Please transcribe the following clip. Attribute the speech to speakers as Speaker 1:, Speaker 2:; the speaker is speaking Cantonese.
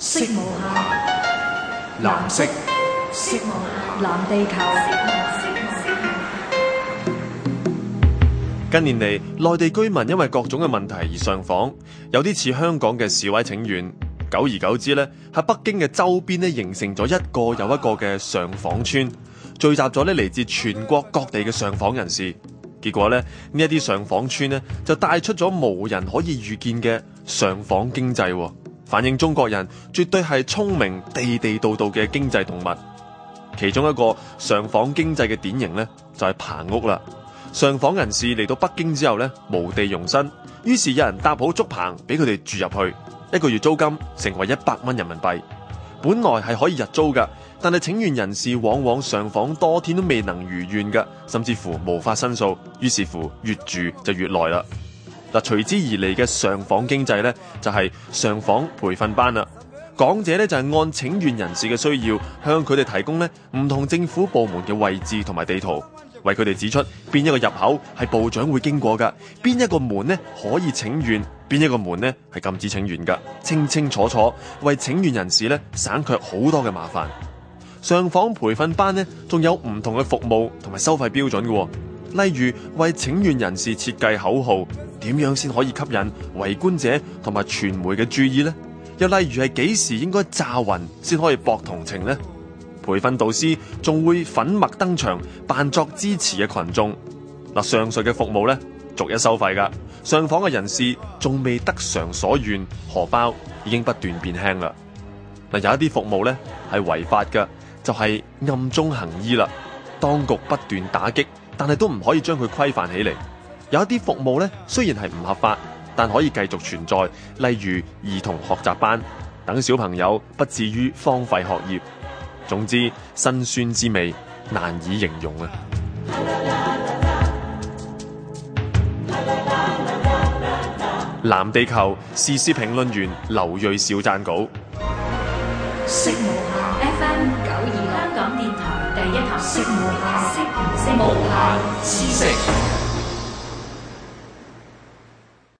Speaker 1: 色無暇，藍色，色無暇，藍地球。近年嚟，內地居民因為各種嘅問題而上訪，有啲似香港嘅示威請願。久而久之呢，喺北京嘅周邊呢，形成咗一個又一個嘅上訪村，聚集咗嚟自全國各地嘅上訪人士。結果呢，呢一啲上訪村呢就帶出咗無人可以預見嘅上訪經濟。反映中國人絕對係聰明地地道道嘅經濟動物。其中一個上訪經濟嘅典型呢，就係、是、棚屋啦。上訪人士嚟到北京之後呢，無地容身，於是有人搭好竹棚俾佢哋住入去，一個月租金成為一百蚊人民幣。本來係可以日租噶，但係請願人士往往上訪多天都未能如願嘅，甚至乎無法申訴，於是乎越住就越耐啦。嗱，但隨之而嚟嘅上訪經濟呢，就係上訪培訓班啦。講者呢，就係按請願人士嘅需要，向佢哋提供呢唔同政府部門嘅位置同埋地圖，為佢哋指出邊一個入口係部長會經過㗎，邊一個門呢可以請願，邊一個門呢係禁止請願㗎。清清楚楚，為請願人士呢省卻好多嘅麻煩。上訪培訓班呢，仲有唔同嘅服務同埋收費標準嘅，例如為請願人士設計口號。點樣先可以吸引圍觀者同埋傳媒嘅注意呢？又例如係幾時應該詐暈先可以博同情呢？培訓導師仲會粉墨登場，扮作支持嘅群眾。嗱，上述嘅服務呢，逐一收費噶。上訪嘅人士仲未得償所願，荷包已經不斷變輕啦。嗱，有一啲服務咧係違法噶，就係暗中行醫啦。當局不斷打擊，但係都唔可以將佢規範起嚟。有一啲服務咧，雖然係唔合法，但可以繼續存在，例如兒童學習班等小朋友不至於荒廢學業。總之，辛酸之味難以形容啊！藍地球時事評論員劉銳紹撰稿。ano